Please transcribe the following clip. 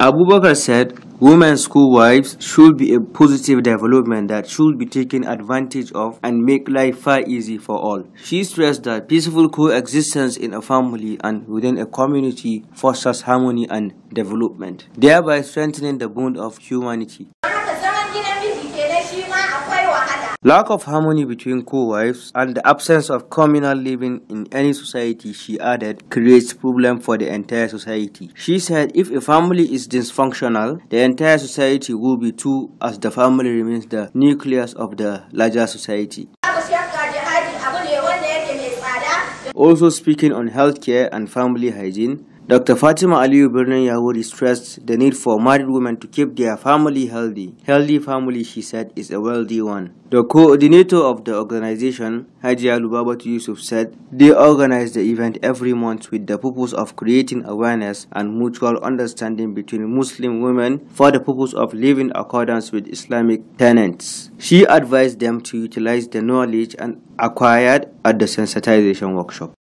Abu Bakr said women school wives should be a positive development that should be taken advantage of and make life far easy for all. She stressed that peaceful coexistence in a family and within a community fosters harmony and development, thereby strengthening the bond of humanity. Lack of harmony between co-wives and the absence of communal living in any society, she added, creates problem for the entire society. She said if a family is dysfunctional, the entire society will be too as the family remains the nucleus of the larger society. Also speaking on healthcare and family hygiene, Dr. Fatima Aliyu Birnin Yahudi stressed the need for married women to keep their family healthy. Healthy family, she said, is a wealthy one. The coordinator of the organization, Haji Lubabatu Yusuf, said they organize the event every month with the purpose of creating awareness and mutual understanding between Muslim women for the purpose of living accordance with Islamic tenets. She advised them to utilize the knowledge and acquired at the sensitization workshop.